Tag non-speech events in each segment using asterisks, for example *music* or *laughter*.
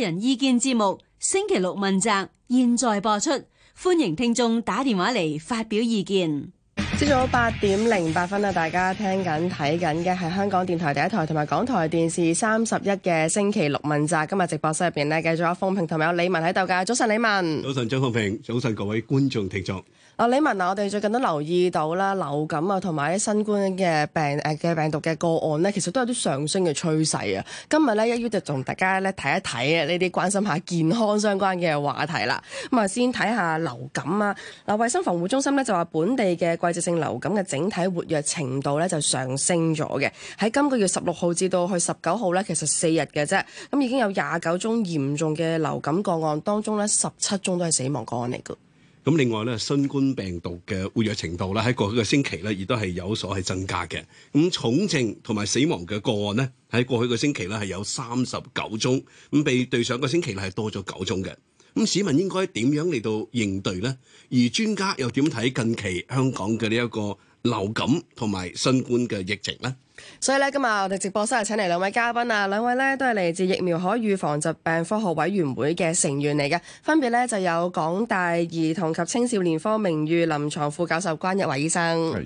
人意見節目星期六問責，現在播出，歡迎聽眾打電話嚟發表意見。朝早八點零八分啊，大家聽緊睇緊嘅係香港電台第一台同埋港台電視三十一嘅星期六問責。今日直播室入邊咧，繼續有方平同埋有李文喺度噶。早晨，李文。早晨，張方平。早晨，各位觀眾聽眾。啊，李文，嗱，我哋最近都留意到啦，流感啊，同埋新冠嘅病，誒嘅病毒嘅個案呢，其實都有啲上升嘅趨勢啊。今日呢，一於就同大家咧睇一睇呢啲關心下健康相關嘅話題啦。咁啊，先睇下流感啊。嗱，衞生防護中心呢，就話，本地嘅季節性流感嘅整體活躍程度呢，就上升咗嘅。喺今個月十六號至到去十九號呢，其實四日嘅啫。咁已經有廿九宗嚴重嘅流感個案，當中呢，十七宗都係死亡個案嚟㗎。咁另外咧，新冠病毒嘅活躍程度咧，喺過去個星期咧，亦都係有所係增加嘅。咁重症同埋死亡嘅個案咧，喺過去個星期咧係有三十九宗，咁比對上個星期咧係多咗九宗嘅。咁市民應該點樣嚟到應對咧？而專家又點睇近期香港嘅呢一個流感同埋新冠嘅疫情咧？所以咧，今日我哋直播室係請嚟兩位嘉賓啊，兩位咧都係嚟自疫苗可預防疾病科學委員會嘅成員嚟嘅，分別咧就有港大兒童及青少年科名譽臨床副教授關日華醫生。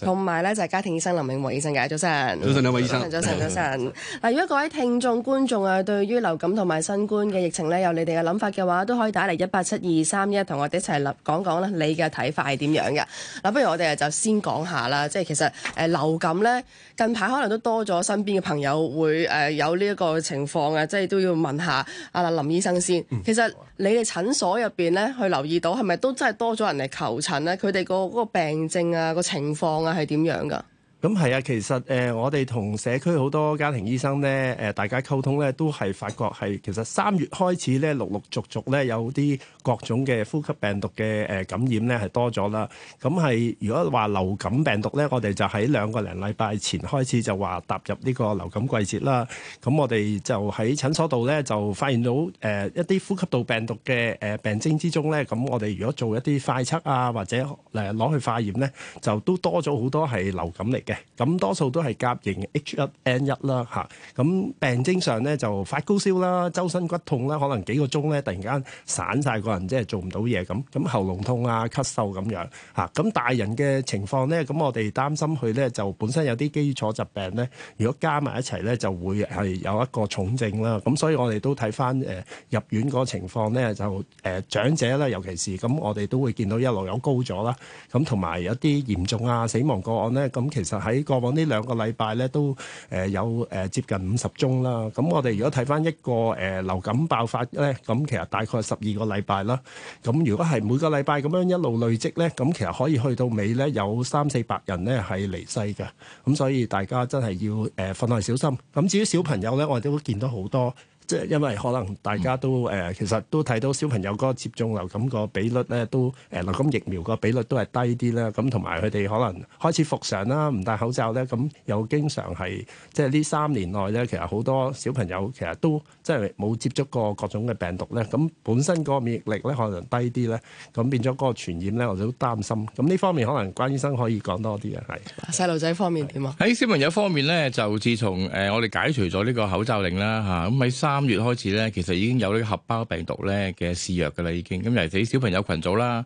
同埋咧就係家庭醫生林永和醫生嘅，早晨，早晨兩位醫生，早晨早晨。嗱，如果各位聽眾觀眾啊，對於流感同埋新冠嘅疫情咧，有你哋嘅諗法嘅話，都可以打嚟一八七二三一，同我哋一齊講講啦，你嘅睇法係點樣嘅？嗱，不如我哋就先講下啦。即係其實誒流感咧，近排可能都多咗，身邊嘅朋友會誒有呢一個情況啊，即係都要問下阿林醫生先。嗯、其實你哋診所入邊咧，去留意到係咪都真係多咗人嚟求診咧？佢哋個嗰個病症啊，個情況。講嘅係點樣㗎？咁係啊，其實誒，我哋同社區好多家庭醫生咧，誒，大家溝通咧，都係發覺係其實三月開始咧，陸陸續續咧有啲各種嘅呼吸道病毒嘅誒感染咧係多咗啦。咁係如果話流感病毒咧，我哋就喺兩個零禮拜前開始就話踏入呢個流感季節啦。咁我哋就喺診所度咧就發現到誒一啲呼吸道病毒嘅誒病徵之中咧，咁我哋如果做一啲快測啊或者誒攞去化驗咧，就都多咗好多係流感嚟嘅。咁多數都係甲型 H1N1 啦，嚇咁病徵上咧就發高燒啦，周身骨痛啦，可能幾個鐘咧突然間散曬個人，即係做唔到嘢咁，咁喉嚨痛啊、咳嗽咁樣嚇，咁大人嘅情況咧，咁我哋擔心佢咧就本身有啲基礎疾病咧，如果加埋一齊咧就會係有一個重症啦，咁所以我哋都睇翻誒入院嗰個情況咧，就誒長者啦，尤其是咁我哋都會見到一路有高咗啦，咁同埋有啲嚴重啊、死亡個案咧，咁其實，喺過往呢兩個禮拜咧，都誒有誒接近五十宗啦。咁我哋如果睇返一個誒流感爆發咧，咁其實大概十二個禮拜啦。咁如果係每個禮拜咁樣一路累積咧，咁其實可以去到尾咧有三四百人咧係離世嘅。咁所以大家真係要誒分外小心。咁至於小朋友咧，我哋都會見到好多。即係因為可能大家都誒，其實都睇到小朋友個接種流感個比率咧，都誒流感疫苗個比率都係低啲啦。咁同埋佢哋可能開始復常啦，唔戴口罩咧，咁又經常係即係呢三年內咧，其實好多小朋友其實都即係冇接觸過各種嘅病毒咧。咁本身個免疫力咧可能低啲咧，咁變咗嗰個傳染咧，我都擔心。咁呢方面可能關醫生可以講多啲嘅係細路仔方面點啊？喺小朋友方面咧，就自從誒我哋解除咗呢個口罩令啦嚇，咁喺三月開始咧，其實已經有呢個合胞病毒咧嘅肆虐㗎喇，已經咁尤其是小朋友羣組啦，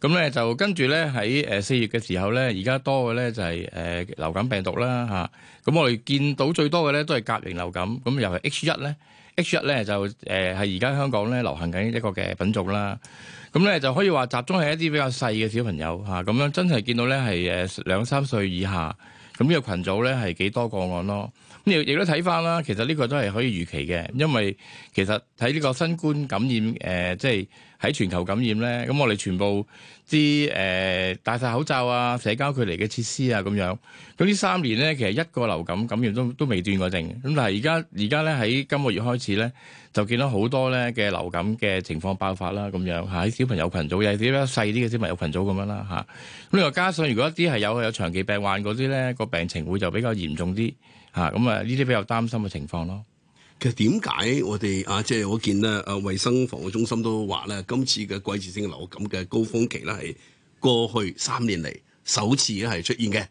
咁咧就跟住咧喺誒四月嘅時候咧，而家多嘅咧就係誒流感病毒啦嚇，咁我哋見到最多嘅咧都係甲型流感，咁又係 H 一咧，H 一咧就誒係而家香港咧流行緊一個嘅品種啦，咁咧就可以話集中係一啲比較細嘅小朋友嚇，咁樣真係見到咧係誒兩三歲以下，咁呢個羣組咧係幾多個案咯？咁亦都睇翻啦，其實呢個都係可以預期嘅，因為其實睇呢個新冠感染，誒、呃，即係喺全球感染咧。咁我哋全部啲誒、呃、戴晒口罩啊、社交距離嘅設施啊，咁樣咁呢三年咧，其實一個流感感染都都未斷過症。咁但係而家而家咧喺今個月開始咧，就見到好多咧嘅流感嘅情況爆發啦。咁樣喺小朋友群組，尤其是啲細啲嘅小朋友群組咁樣啦。嚇咁你話加上，如果一啲係有有長期病患嗰啲咧，個病情會就比較嚴重啲。啊，咁啊，呢啲比較擔心嘅情況咯。其實點解我哋啊，即係我見咧，啊，衞生防護中心都話咧，今次嘅季節性流感嘅高峰期咧，係過去三年嚟首次咧係出現嘅。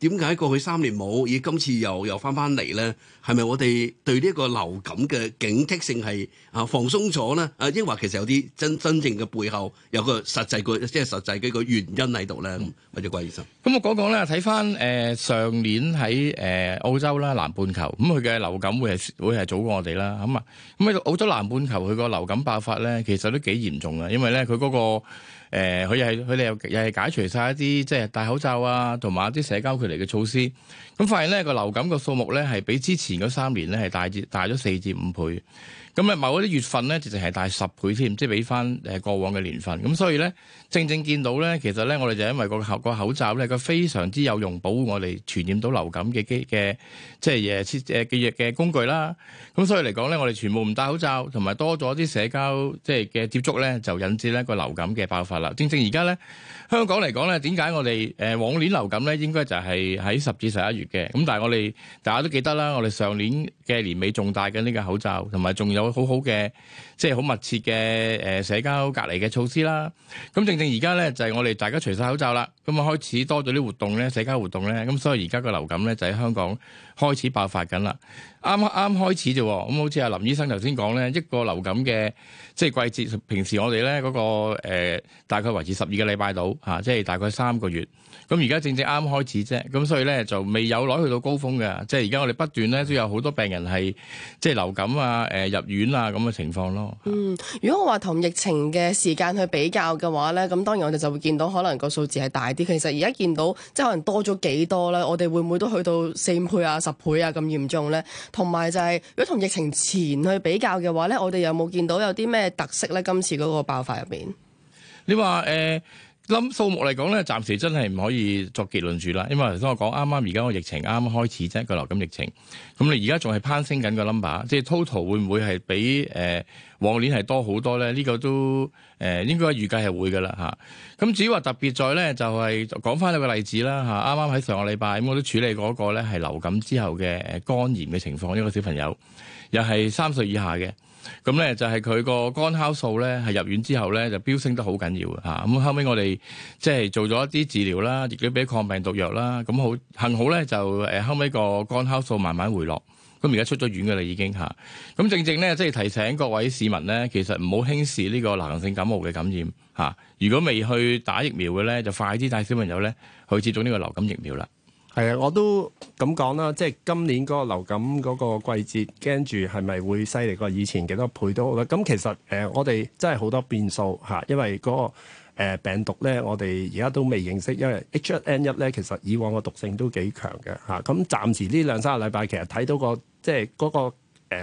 點解過去三年冇，而今次又又翻翻嚟咧？係咪我哋對呢個流感嘅警惕性係啊放鬆咗咧？啊，抑或其實有啲真真正嘅背後有個實際個即係實際嘅個原因喺度咧？或者、嗯、關醫生咁我講講咧，睇翻誒上年喺誒、呃、澳洲啦，南半球，咁佢嘅流感會係會係早過我哋啦。咁、嗯、啊，咁、嗯、喺、嗯、澳洲南半球佢個流感爆發咧，其實都幾嚴重啊，因為咧佢嗰個。誒，佢又係佢哋又又係解除晒一啲即係戴口罩啊，同埋一啲社交距離嘅措施，咁發現咧個流感個數目咧係比之前嗰三年咧係大至大咗四至五倍。咁啊，某啲月份咧，直情係大十倍添，即係比翻誒過往嘅年份。咁所以咧，正正見到咧，其實咧，我哋就因為個口個口罩咧，佢非常之有用保護我哋傳染到流感嘅機嘅，即係嘢設誒嘅嘅工具啦。咁所以嚟講咧，我哋全部唔戴口罩，同埋多咗啲社交即係嘅接觸咧，就引致咧個流感嘅爆發啦。正正而家咧，香港嚟講咧，點解我哋誒往年流感咧應該就係喺十至十一月嘅？咁但係我哋大家都記得啦，我哋上年嘅年尾仲戴緊呢個口罩，同埋仲有。有好好嘅，即係好密切嘅誒社交隔離嘅措施啦。咁正正而家咧，就係我哋大家除晒口罩啦，咁啊開始多咗啲活動咧，社交活動咧，咁所以而家個流感咧就喺香港開始爆發緊啦。啱啱啱開始啫，咁好似阿林醫生頭先講咧，一個流感嘅即係季節，平時我哋咧嗰個大概維持十二個禮拜到嚇，即係大概三個月，咁而家正正啱啱開始啫，咁所以咧就未有攞去到高峰嘅，即係而家我哋不斷咧都有好多病人係即係流感啊、誒、呃、入院啊咁嘅情況咯。嗯，如果我話同疫情嘅時間去比較嘅話咧，咁當然我哋就會見到可能個數字係大啲。其實而家見到即係可能多咗幾多咧，我哋會唔會都去到四五倍啊、十倍啊咁嚴重咧？同埋就係、是、如果同疫情前去比較嘅話咧，我哋有冇見到有啲咩特色咧？今次嗰個爆發入面，你話誒？呃咁數目嚟講咧，暫時真係唔可以作結論住啦。因為頭先我講啱啱而家個疫情啱啱開始啫，個流感疫情。咁你而家仲係攀升緊個 number，即係 total 會唔會係比誒、呃、往年係多好多咧？呢、這個都誒、呃、應該預計係會噶啦嚇。咁、啊、至於話特別在咧，就係、是、講翻一個例子啦嚇。啱啱喺上個禮拜，咁、嗯、我都處理過一個咧係流感之後嘅肝炎嘅情況，一、這個小朋友，又係三歲以下嘅。咁咧就係佢個肝酵素咧係入院之後咧就飆升得好緊要吓。咁後尾我哋即係做咗一啲治療啦，亦都俾抗病毒藥啦，咁、啊、好幸好咧就誒、啊、後尾個肝酵素慢慢回落，咁而家出咗院噶啦已經吓。咁、啊、正正咧即係提醒各位市民咧，其實唔好輕視呢個流行性感冒嘅感染吓、啊。如果未去打疫苗嘅咧，就快啲帶小朋友咧去接種呢個流感疫苗啦。係啊，我都咁講啦，即係今年嗰個流感嗰個季節，驚住係咪會犀利過以前幾多倍都好啦。咁其實誒、呃，我哋真係好多變數嚇，因為嗰、嗰個、呃、病毒咧，我哋而家都未認識，因為 H1N1 咧，其實以往個毒性都幾強嘅嚇。咁、啊、暫時呢兩三個禮拜，其實睇到即、嗰個即係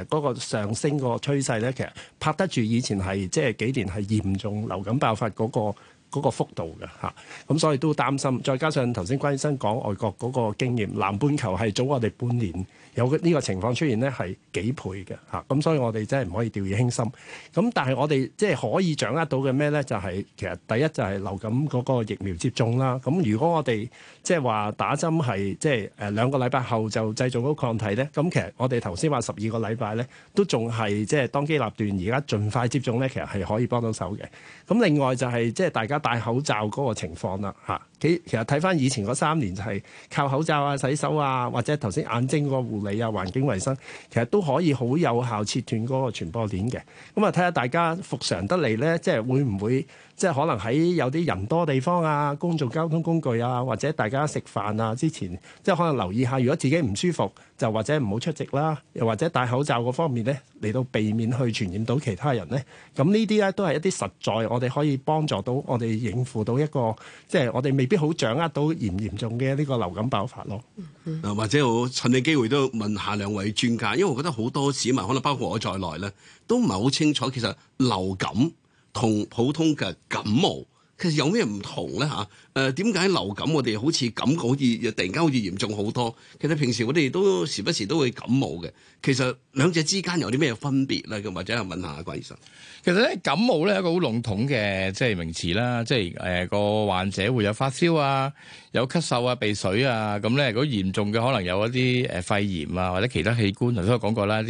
嗰個誒上升個趨勢咧，其實拍得住以前係即係幾年係嚴重流感爆發嗰、嗰個。嗰個幅度嘅嚇，咁、嗯、所以都擔心。再加上頭先關醫生講外國嗰個經驗，南半球係早我哋半年。有呢個情況出現咧，係幾倍嘅嚇，咁所以我哋真係唔可以掉以輕心。咁但係我哋即係可以掌握到嘅咩咧？就係其實第一就係流感嗰個疫苗接種啦。咁如果我哋即係話打針係即係誒兩個禮拜後就製造到抗體咧，咁其實我哋頭先話十二個禮拜咧都仲係即係當機立斷，而家儘快接種咧，其實係可以幫到手嘅。咁另外就係即係大家戴口罩嗰個情況啦嚇。其實睇翻以前嗰三年就係靠口罩啊、洗手啊，或者頭先眼睛個護。嚟啊！環境衞生其實都可以好有效切斷嗰個傳播鏈嘅，咁啊睇下大家復常得嚟呢，即係會唔會？即係可能喺有啲人多地方啊、公共交通工具啊，或者大家食飯啊之前，即係可能留意下，如果自己唔舒服，就或者唔好出席啦，又或者戴口罩嗰方面咧，嚟到避免去傳染到其他人咧。咁呢啲咧都係一啲實在我，我哋可以幫助到我哋應付到一個，即係我哋未必好掌握到嚴嚴重嘅呢個流感爆發咯。嗱，或者我趁你機會都問下兩位專家，因為我覺得好多市民可能包括我在內咧，都唔係好清楚其實流感。同普通嘅感冒其實有咩唔同咧？吓，誒、啊，點解流感我哋好似感覺好似突然間好似嚴重好多？其實平時我哋都時不時都會感冒嘅。其實兩者之間有啲咩分別咧？咁或者係問下關醫生。其實咧，感冒咧係一個好籠統嘅即係名詞啦，即係誒個患者會有發燒啊、有咳嗽啊、鼻水啊，咁咧如果嚴重嘅，可能有一啲誒肺炎啊，或者其他器官頭先我講過啦，啲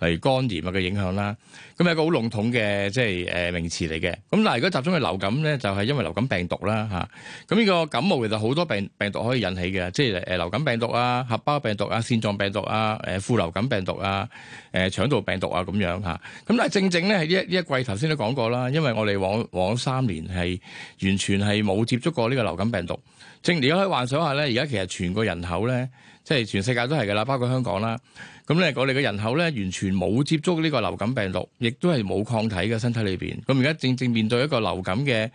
例如肝炎啊嘅影響啦，咁係一個好籠統嘅即係誒名詞嚟嘅。咁嗱，如果集中係流感咧，就係因為流感病毒啦吓。咁呢個感冒其實好多病病毒可以引起嘅，即係誒流感病毒啊、合胞病毒啊、腺狀病毒啊、誒副流感病。毒啊，誒、嗯，腸道病毒啊，咁樣吓，咁但係，正正咧係呢一呢一季，頭先都講過啦，因為我哋往往三年係完全係冇接觸過呢個流感病毒，正如你可以幻想下咧，而家其實全個人口咧，即係全世界都係噶啦，包括香港啦。咁咧，我哋嘅人口咧完全冇接觸呢個流感病毒，亦都係冇抗體嘅身體裏邊。咁而家正正面對一個流感嘅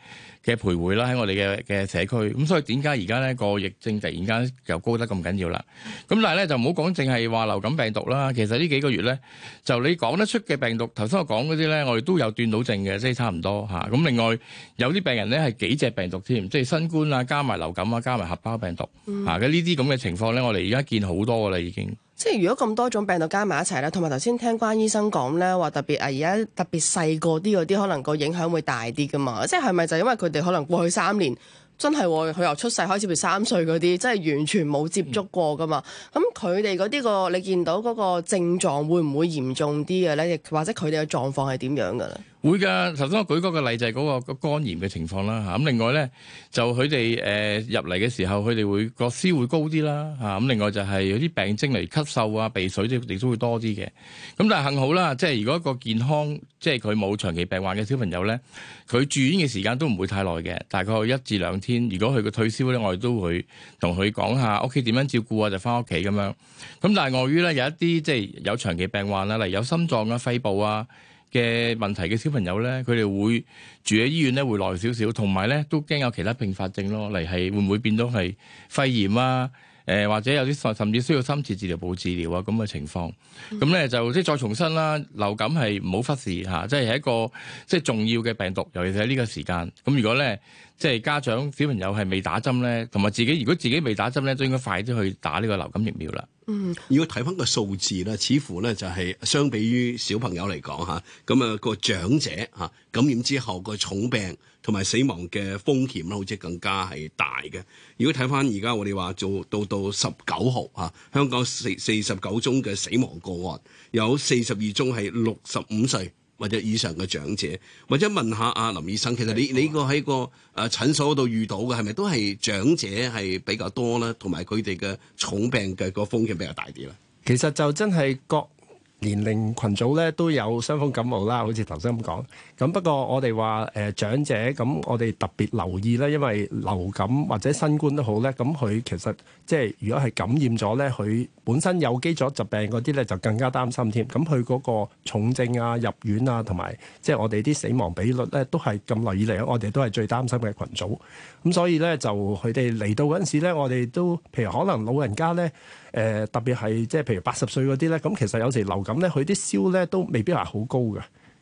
嘅徘徊啦，喺我哋嘅嘅社區。咁所以點解而家呢個疫症突然間又高得咁緊要啦？咁但係咧就唔好講，淨係話流感病毒啦。其實呢幾個月咧，就你講得出嘅病毒，頭先我講嗰啲咧，我哋都有斷到症嘅，即係差唔多嚇。咁、啊、另外有啲病人咧係幾隻病毒添，即係新冠啊，加埋流感啊，加埋合胞病毒嚇嘅呢啲咁嘅情況咧，我哋而家見好多噶啦，已經。即係如果咁多種病毒加埋一齊咧，同埋頭先聽關醫生講咧，話特別啊，而家特別細個啲嗰啲，可能個影響會大啲噶嘛。即係係咪就因為佢哋可能過去三年真係佢由出世開始至三歲嗰啲，真係完全冇接觸過噶嘛？咁佢哋嗰啲個你見到嗰個症狀會唔會嚴重啲嘅咧？亦或者佢哋嘅狀況係點樣噶咧？會噶，頭先我舉嗰個例就係嗰、那個、那個肝炎嘅情況啦，吓、啊、咁。另外咧，就佢哋誒入嚟嘅時候，佢哋會國絲會高啲啦，吓、啊、咁。另外就係有啲病徵嚟，咳嗽啊、鼻水都亦都會多啲嘅。咁但係幸好啦，即係如果一個健康，即係佢冇長期病患嘅小朋友咧，佢住院嘅時間都唔會太耐嘅，大概一至兩天。如果佢個退燒咧，我哋都會同佢講下屋企點樣照顧啊，就返屋企咁樣。咁但係礙於咧有一啲即係有長期病患啦，例如有心臟啊、肺部啊。嘅問題嘅小朋友咧，佢哋會住喺醫院咧會耐少少，同埋咧都驚有其他併發症咯，嚟係會唔會變到係肺炎啊？誒或者有啲甚至需要深切治療部治療啊，咁嘅情況，咁咧就即係再重申啦，流感係唔好忽視嚇，即係一個即係重要嘅病毒，尤其是喺呢個時間。咁如果咧即係家長小朋友係未打針咧，同埋自己如果自己未打針咧，都應該快啲去打呢個流感疫苗啦。嗯，如果睇翻個數字啦，似乎咧就係相比於小朋友嚟講嚇，咁、那、啊個長者嚇感染之後個重病。同埋死亡嘅風險啦，好似更加係大嘅。如果睇翻而家我哋話做到到十九號啊，香港四四十九宗嘅死亡個案，有四十二宗係六十五歲或者以上嘅長者。或者問下阿林醫生，其實你的你個喺個啊呃診所度遇到嘅係咪都係長者係比較多咧？同埋佢哋嘅重病嘅個風險比較大啲啦。其實就真係各年齡群組咧都有傷風感冒啦，好似頭先咁講。咁不過我哋話誒長者咁，我哋特別留意咧，因為流感或者新冠都好咧，咁佢其實即係如果係感染咗咧，佢本身有基礎疾病嗰啲咧，就更加擔心添。咁佢嗰個重症啊、入院啊，同埋即係我哋啲死亡比率咧，都係咁耐以嚟，我哋都係最擔心嘅群組。咁所以咧，就佢哋嚟到嗰陣時咧，我哋都譬如可能老人家咧。誒、呃、特別係即係譬如八十歲嗰啲咧，咁其實有時流感咧，佢啲燒咧都未必係好高嘅。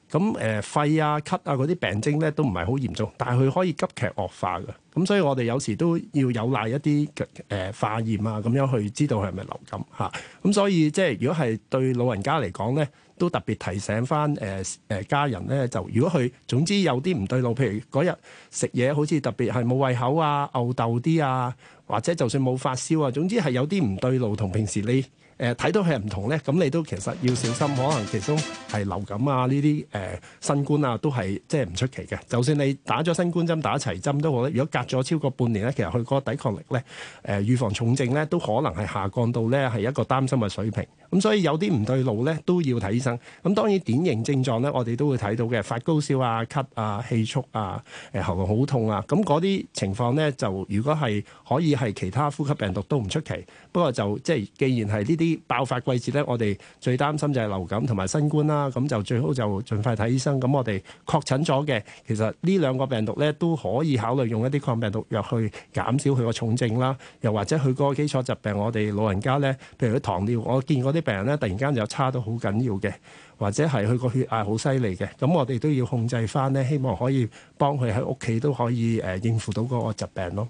咁、呃、誒肺啊、咳啊嗰啲病徵咧都唔係好嚴重，但係佢可以急劇惡化嘅。咁所以我哋有時都要有賴一啲誒、呃、化驗啊，咁樣去知道係咪流感嚇。咁、啊、所以即係如果係對老人家嚟講咧，都特別提醒翻誒誒家人咧，就如果佢總之有啲唔對路，譬如嗰日食嘢好似特別係冇胃口啊、嘔豆啲啊。或者就算冇發燒啊，總之係有啲唔對路，同平時你，誒睇到係唔同咧，咁你都其實都要小心，可能其中係流感啊呢啲誒新冠啊都係即係唔出奇嘅。就算你打咗新冠針打齊針都好，如果隔咗超過半年咧，其實佢個抵抗力咧誒、呃、預防重症咧都可能係下降到咧係一個擔心嘅水平。咁所以有啲唔對路咧都要睇醫生。咁當然典型症狀咧我哋都會睇到嘅，發高燒啊、咳啊、氣促啊、誒、呃、喉嚨好痛啊。咁嗰啲情況咧就如果係可以係其他呼吸病毒都唔出奇，不過就即係既然係呢啲，啲爆發季節咧，我哋最擔心就係流感同埋新冠啦。咁就最好就盡快睇醫生。咁我哋確診咗嘅，其實呢兩個病毒咧都可以考慮用一啲抗病毒藥去減少佢個重症啦。又或者佢個基礎疾病，我哋老人家咧，譬如啲糖尿，我見嗰啲病人咧，突然間就差到好緊要嘅，或者係佢個血壓好犀利嘅，咁我哋都要控制翻咧，希望可以幫佢喺屋企都可以誒應付到嗰個疾病咯。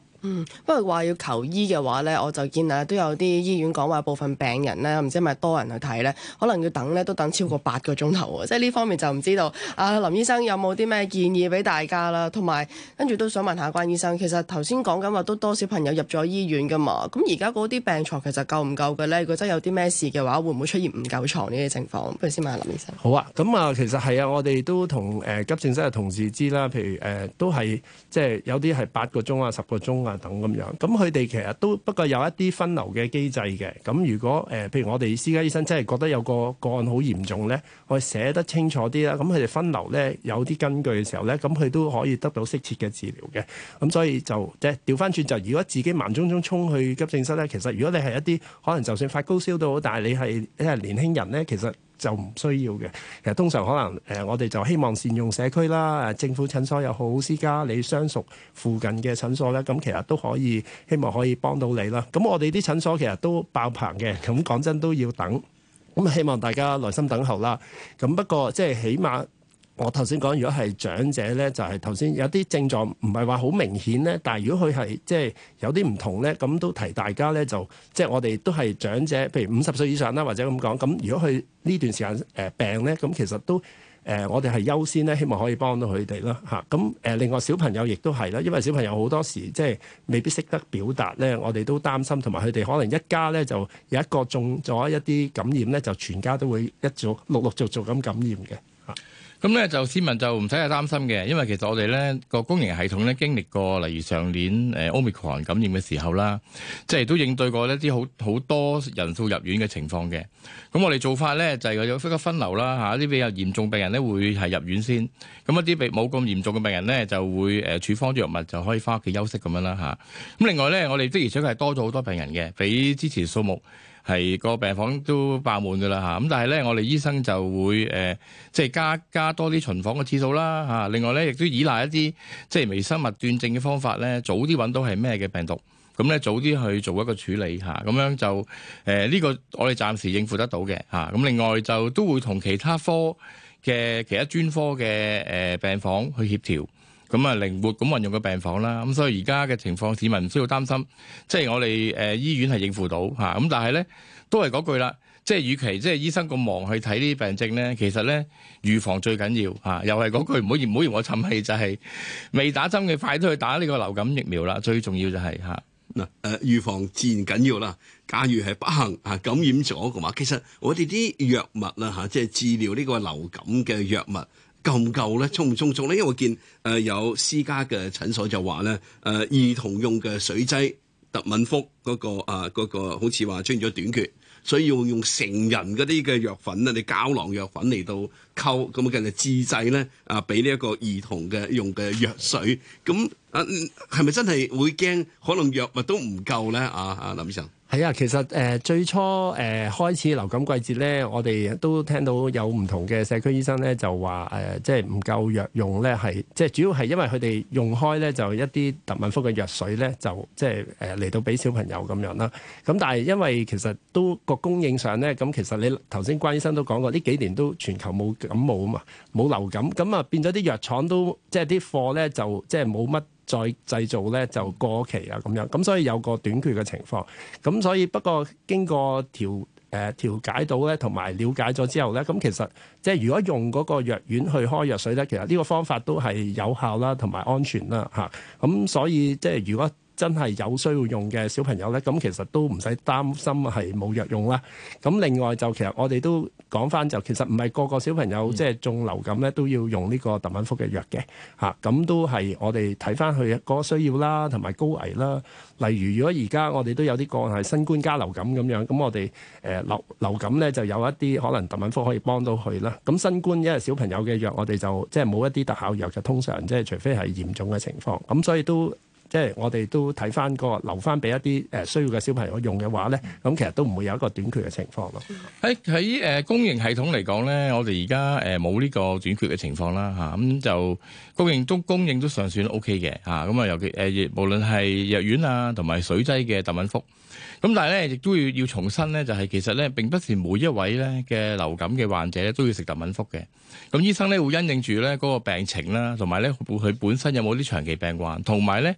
不過話要求醫嘅話呢，我就見啊都有啲醫院講話部分病人呢，唔知係咪多人去睇呢？可能要等呢，都等超過八個鐘頭喎。即係呢方面就唔知道。啊，林醫生有冇啲咩建議俾大家啦？同埋跟住都想問下關醫生，其實頭先講緊話都多小朋友入咗醫院噶嘛，咁而家嗰啲病床其實夠唔夠嘅呢？如果真係有啲咩事嘅話，會唔會出現唔夠床呢啲情況？不如先問下林醫生。好啊，咁啊，其實係啊，我哋都同、呃、急症室嘅同事知啦，譬如誒、呃、都係即係有啲係八個鐘啊、十個鐘啊。等咁樣，咁佢哋其實都不過有一啲分流嘅機制嘅。咁如果誒、呃，譬如我哋私家醫生真係覺得有個個案好嚴重咧，可以寫得清楚啲啦。咁佢哋分流咧有啲根據嘅時候咧，咁佢都可以得到適切嘅治療嘅。咁所以就即係掉返轉，就如果自己盲舂舂衝去急症室咧，其實如果你係一啲可能就算發高燒都好，但係你係一係年輕人咧，其實。就唔需要嘅，其實通常可能誒、呃，我哋就希望善用社區啦，政府診所又好，私家你相熟附近嘅診所咧，咁其實都可以希望可以幫到你啦。咁我哋啲診所其實都爆棚嘅，咁講真都要等，咁希望大家耐心等候啦。咁不過即係起碼。我頭先講，如果係長者咧，就係頭先有啲症狀唔係話好明顯咧，但係如果佢係即係有啲唔同咧，咁都提大家咧，就即係我哋都係長者，譬如五十歲以上啦，或者咁講。咁如果佢呢段時間誒病咧，咁其實都誒、呃、我哋係優先咧，希望可以幫到佢哋啦。嚇，咁誒，另外小朋友亦都係啦，因為小朋友好多時即係未必識得表達咧，我哋都擔心，同埋佢哋可能一家咧就有一個中咗一啲感染咧，就全家都會一早陸陸續續咁感染嘅嚇。啊咁咧就市民就唔使係擔心嘅，因為其實我哋咧個公營系統咧經歷過，例如上年誒奧密克戎感染嘅時候啦，即係都應對過一啲好好多人數入院嘅情況嘅。咁我哋做法咧就係、是、有呼吸分流啦、啊、一啲比較嚴重病人咧會係入院先，咁一啲病冇咁嚴重嘅病人咧就會誒、呃、處方住藥物就可以翻屋企休息咁樣啦嚇。咁、啊、另外咧，我哋的而且確係多咗好多病人嘅，比之前數目。係個病房都爆滿噶啦吓，咁但係咧，我哋醫生就會誒、呃，即係加加多啲巡房嘅次數啦吓。另外咧，亦都依賴一啲即係微生物斷症嘅方法咧，早啲揾到係咩嘅病毒，咁咧早啲去做一個處理吓，咁、啊、樣就誒呢、呃個我哋暫時應付得到嘅吓。咁、啊、另外就都會同其他科嘅其他專科嘅誒、呃、病房去協調。咁啊，靈活咁運用個病房啦，咁所以而家嘅情況，市民唔需要擔心，即係我哋誒、呃、醫院係應付到嚇，咁、啊、但係咧都係嗰句啦，即係與其即係醫生咁忙去睇呢啲病症咧，其實咧預防最緊要嚇、啊，又係嗰句唔好唔好嫌我沉氣，就係、是、未打針嘅快啲去打呢個流感疫苗啦，最重要就係嚇嗱誒預防自然緊要啦，假如係不幸啊感染咗嘅話，其實我哋啲藥物啦嚇、啊，即係治療呢個流感嘅藥物。夠唔夠咧？充唔充足咧？因為我見誒、呃、有私家嘅診所就話咧誒兒童用嘅水劑特敏福嗰、嗰個誒、呃那個呃、好似話出現咗短缺，所以要用成人嗰啲嘅藥粉啊，你膠囊藥粉嚟到溝，咁啊近日自製咧啊，俾呢一個兒童嘅用嘅藥水，咁啊係咪真係會驚可能藥物都唔夠咧？啊啊林醫生。係啊，其實誒、呃、最初誒、呃、開始流感季節咧，我哋都聽到有唔同嘅社區醫生咧就話誒、呃，即係唔夠藥用咧，係即係主要係因為佢哋用開咧就一啲特敏福嘅藥水咧，就即係誒嚟到俾小朋友咁樣啦。咁但係因為其實都個供應上咧，咁其實你頭先關醫生都講過，呢幾年都全球冇感冒啊嘛，冇流感，咁啊變咗啲藥廠都即係啲貨咧就即係冇乜，再製造咧就過期啊咁樣，咁所以有個短缺嘅情況。咁所以不過經過調誒調解到咧，同埋了解咗之後咧，咁其實即係如果用嗰個藥丸去開藥水咧，其實呢個方法都係有效啦，同埋安全啦嚇。咁、啊、所以即係如果真係有需要用嘅小朋友呢，咁其實都唔使擔心係冇藥用啦。咁另外就其實我哋都講翻，就其實唔係個個小朋友，嗯、即係中流感呢都要用呢個特敏福嘅藥嘅嚇。咁、啊、都係我哋睇翻佢個需要啦，同埋高危啦。例如如果而家我哋都有啲個案係新冠加流感咁樣，咁我哋誒流流感呢就有一啲可能特敏福可以幫到佢啦。咁新冠因為小朋友嘅藥，我哋就即係冇一啲特效藥，就通常即係除非係嚴重嘅情況，咁所以都。即係我哋都睇翻個留翻俾一啲誒需要嘅小朋友用嘅話咧，咁其實都唔會有一個短缺嘅情況咯。喺喺誒供應系統嚟講咧，我哋而家誒冇呢個短缺嘅情況啦嚇，咁、啊嗯、就供應都供應都尚算 O K 嘅嚇，咁啊尤其誒、啊、無論係藥丸啊同埋水劑嘅特敏福。咁但係咧，亦都要要重申咧，就係、是、其實咧，並不是每一位咧嘅流感嘅患者都要食特敏福嘅。咁醫生咧會因應住咧嗰個病情啦，同埋咧佢本身有冇啲長期病患，有有同埋咧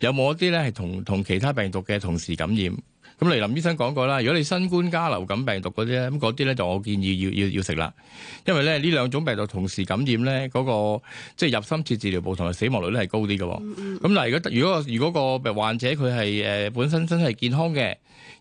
有冇一啲咧係同同其他病毒嘅同時感染。咁嚟林醫生講過啦，如果你新冠加流感病毒嗰啲咧，咁嗰啲咧就我建議要要要食啦，因為咧呢兩種病毒同時感染咧，嗰、嗰個即係入深切治療部同埋死亡率咧係高啲嘅。咁嗱、嗯，如果如果個如果個病患者佢係誒本身身體健康嘅。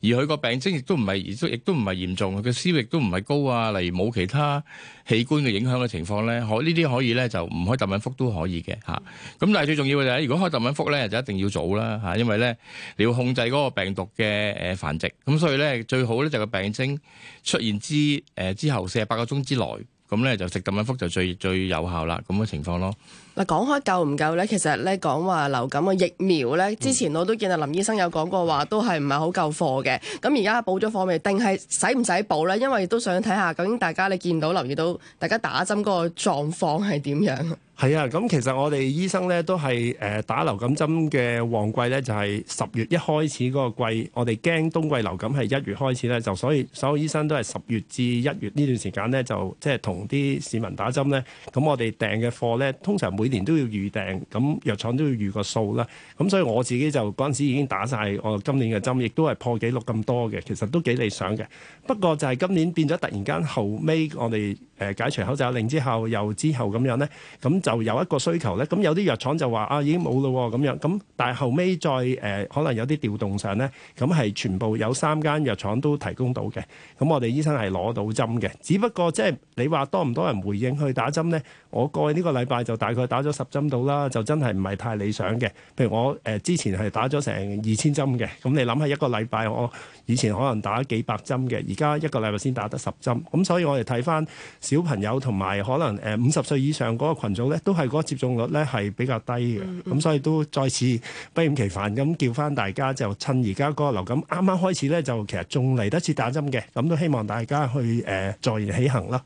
而佢個病徵亦都唔係，亦亦都唔係嚴重，佢嘅思域都唔係高啊。例如冇其他器官嘅影響嘅情況咧，可呢啲可以咧就唔開特敏福都可以嘅嚇。咁、啊、但係最重要嘅就係，如果開特敏福咧，就一定要早啦嚇、啊，因為咧你要控制嗰個病毒嘅誒繁殖。咁、啊、所以咧最好咧就個、是、病徵出現之誒之後四十八個鐘之內。咁咧就食咁一服就最最有效啦，咁嘅情況咯。嗱，講開夠唔夠咧，其實咧講話流感嘅疫苗咧，之前我都見阿林醫生有講過話，都係唔係好夠貨嘅。咁而家補咗貨未？定係使唔使補咧？因為都想睇下究竟大家你見到留意到大家打針嗰個狀況係點樣。係啊，咁其實我哋醫生咧都係誒打流感針嘅旺季咧，就係十月一開始嗰個季，我哋驚冬季流感係一月開始咧，就所以所有醫生都係十月至一月呢段時間咧，就即係同啲市民打針咧。咁我哋訂嘅貨咧，通常每年都要預訂，咁藥廠都要預個數啦。咁所以我自己就嗰陣時已經打晒，我今年嘅針，亦都係破紀錄咁多嘅，其實都幾理想嘅。不過就係今年變咗，突然間後尾我哋誒解除口罩令之後，又之後咁樣咧，咁就。又有一個需求呢。咁有啲藥廠就話啊已經冇咯咁樣，咁但係後尾，再、呃、誒可能有啲調動上呢，咁係全部有三間藥廠都提供到嘅，咁我哋醫生係攞到針嘅。只不過即係、就是、你話多唔多人回應去打針呢？我過去呢個禮拜就大概打咗十針到啦，就真係唔係太理想嘅。譬如我誒、呃、之前係打咗成二千針嘅，咁你諗下一個禮拜我以前可能打幾百針嘅，而家一個禮拜先打得十針，咁所以我哋睇翻小朋友同埋可能誒五十歲以上嗰個群組。都係嗰個接種率咧係比較低嘅，咁、mm hmm. 嗯、所以都再次不厭其煩咁叫翻大家就趁而家嗰個流感啱啱開始咧，就其實仲嚟得切打針嘅，咁都希望大家去誒、呃、坐言起行啦。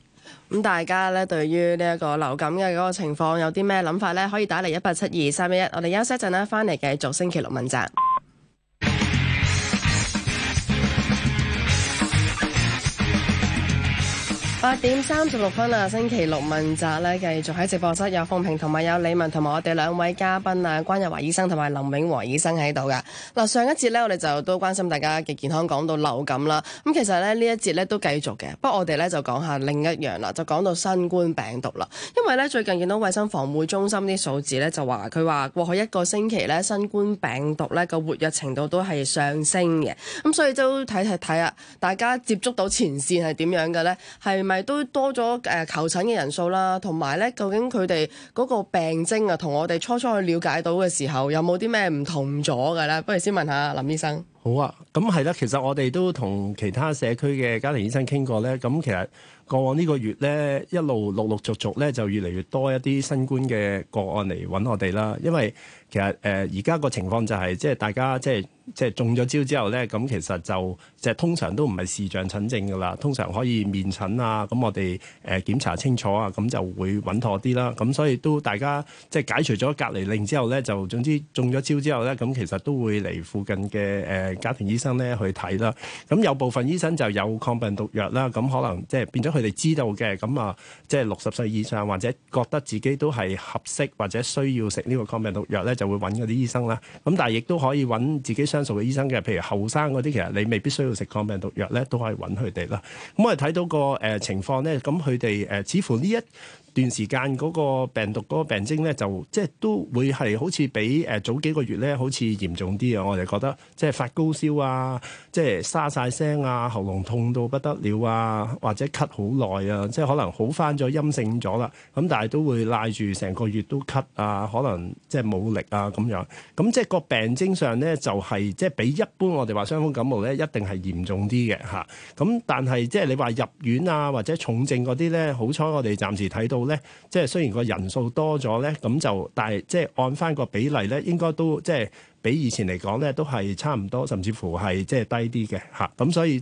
咁、嗯、大家咧對於呢一個流感嘅嗰個情況有啲咩諗法咧？可以打嚟一八七二三一一，我哋休息一陣啦，翻嚟繼續星期六問責。八點三十六分啦，星期六問責咧，繼續喺直播室有風平同埋有李文同埋我哋兩位嘉賓啊，關日華醫生同埋林永和醫生喺度㗎。嗱，上一節咧，我哋就都關心大家嘅健康，講到流感啦。咁其實咧呢一節咧都繼續嘅，不過我哋咧就講下另一樣啦，就講到新冠病毒啦。因為咧最近見到衛生防護中心啲數字咧就話，佢話過去一個星期咧新冠病毒咧個活躍程度都係上升嘅。咁所以都睇睇睇啊，大家接觸到前線係點樣嘅咧，係咪？係都多咗誒求診嘅人數啦，同埋咧，究竟佢哋嗰個病徵啊，同我哋初初去了解到嘅時候，有冇啲咩唔同咗㗎咧？不如先問下林醫生。好啊，咁係啦，其實我哋都同其他社區嘅家庭醫生傾過咧。咁其實過往呢個月咧，一路陸陸續續咧，就越嚟越多一啲新冠嘅個案嚟揾我哋啦，因為。其實誒而家個情況就係，即係大家即係即係中咗招之後咧，咁其實就即係通常都唔係視像診症㗎啦，通常可以面診啊，咁我哋誒檢查清楚啊，咁就會穩妥啲啦。咁所以都大家即係解除咗隔離令之後咧，就總之中咗招之後咧，咁其實都會嚟附近嘅誒家庭醫生咧去睇啦。咁有部分醫生就有抗病毒藥啦，咁可能即係變咗佢哋知道嘅，咁啊即係六十歲以上或者覺得自己都係合適或者需要食呢個抗病毒藥咧就。 *noise* 會揾嗰啲醫生啦，咁但係亦都可以揾自己相熟嘅醫生嘅，譬如後生嗰啲，其實你未必需要食抗病毒藥咧，都可以揾佢哋啦。咁我哋睇到個誒、呃、情況咧，咁佢哋誒似乎呢一。段時間嗰個病毒嗰個病徵咧，就即係都會係好似比誒、呃、早幾個月咧，好似嚴重啲啊！我哋覺得即係發高燒啊，即係沙晒聲啊，喉嚨痛到不得了啊，或者咳好耐啊，即係可能好返咗陰性咗啦。咁但係都會賴住成個月都咳啊，可能即係冇力啊咁樣。咁即係個病徵上咧，就係、是、即係比一般我哋話傷風感冒咧，一定係嚴重啲嘅嚇。咁、啊、但係即係你話入院啊，或者重症嗰啲咧，好彩我哋暫時睇到。咧，即係雖然個人數多咗咧，咁就但係即係按翻個比例咧，應該都即係。比以前嚟講咧，都係差唔多，甚至乎係即係低啲嘅嚇。咁、啊、所以、呃就是、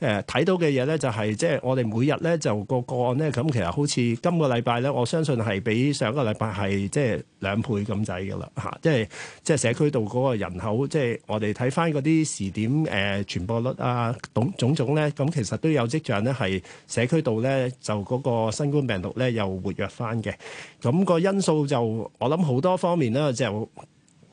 即係誒睇到嘅嘢咧，就係即係我哋每日咧就個個案咧，咁其實好似今個禮拜咧，我相信係比上個禮拜係即係兩倍咁仔嘅啦嚇。即係、啊、即係社區度嗰個人口，即係我哋睇翻嗰啲時點誒傳播率啊，懂種種咧，咁其實都有跡象咧，係社區度咧就嗰個新冠病毒咧又活躍翻嘅。咁、個因素就我諗好多方面啦，就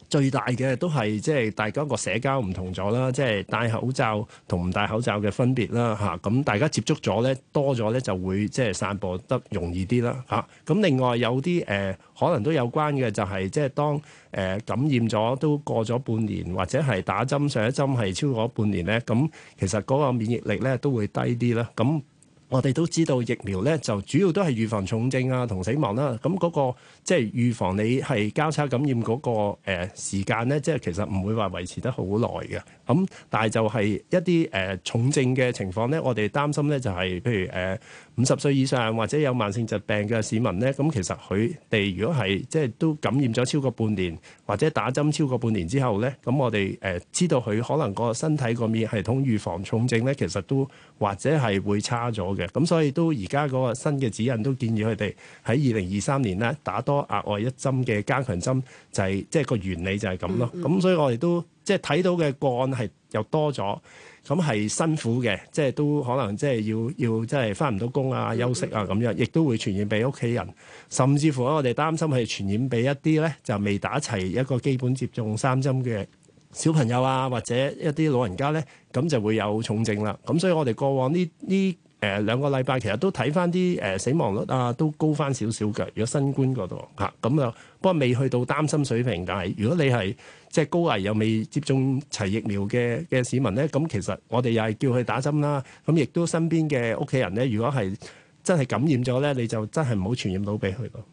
最大嘅都係即係大家個社交唔同咗啦，即係戴口罩同唔戴口罩嘅分別啦嚇。咁大家接觸咗咧多咗咧，就會即係散播得容易啲啦嚇。咁另外有啲誒可能都有關嘅，就係即係當誒感染咗都過咗半年，或者係打針上一針係超過半年咧，咁其實嗰個免疫力咧都會低啲啦。咁我哋都知道疫苗咧，就主要都係預防重症啊同死亡啦。咁、那、嗰個即係預防你係交叉感染嗰個誒時間咧，即係其實唔會話維持得好耐嘅。咁但係就係一啲誒重症嘅情況咧，我哋擔心咧就係譬如誒。呃五十歲以上或者有慢性疾病嘅市民呢，咁其實佢哋如果係即係都感染咗超過半年，或者打針超過半年之後呢，咁我哋誒、呃、知道佢可能個身體個免疫系統預防重症呢，其實都或者係會差咗嘅。咁所以都而家嗰個新嘅指引都建議佢哋喺二零二三年呢打多額外一針嘅加強針，就係、是、即係個原理就係咁咯。咁、嗯嗯、所以我哋都。即係睇到嘅個案係又多咗，咁係辛苦嘅，即係都可能即係要要即係返唔到工啊、休息啊咁樣，亦都會傳染俾屋企人，甚至乎我哋擔心係傳染俾一啲咧就未打齊一個基本接種三針嘅小朋友啊，或者一啲老人家咧，咁就會有重症啦。咁所以我哋過往呢呢。誒兩個禮拜其實都睇返啲誒死亡率啊，都高返少少嘅。如果新冠嗰度嚇咁啊，不過未去到擔心水平。但係如果你係即係高危又未接種齊疫苗嘅嘅市民咧，咁其實我哋又係叫佢打針啦。咁亦都身邊嘅屋企人咧，如果係真係感染咗咧，你就真係唔好傳染到俾佢咯。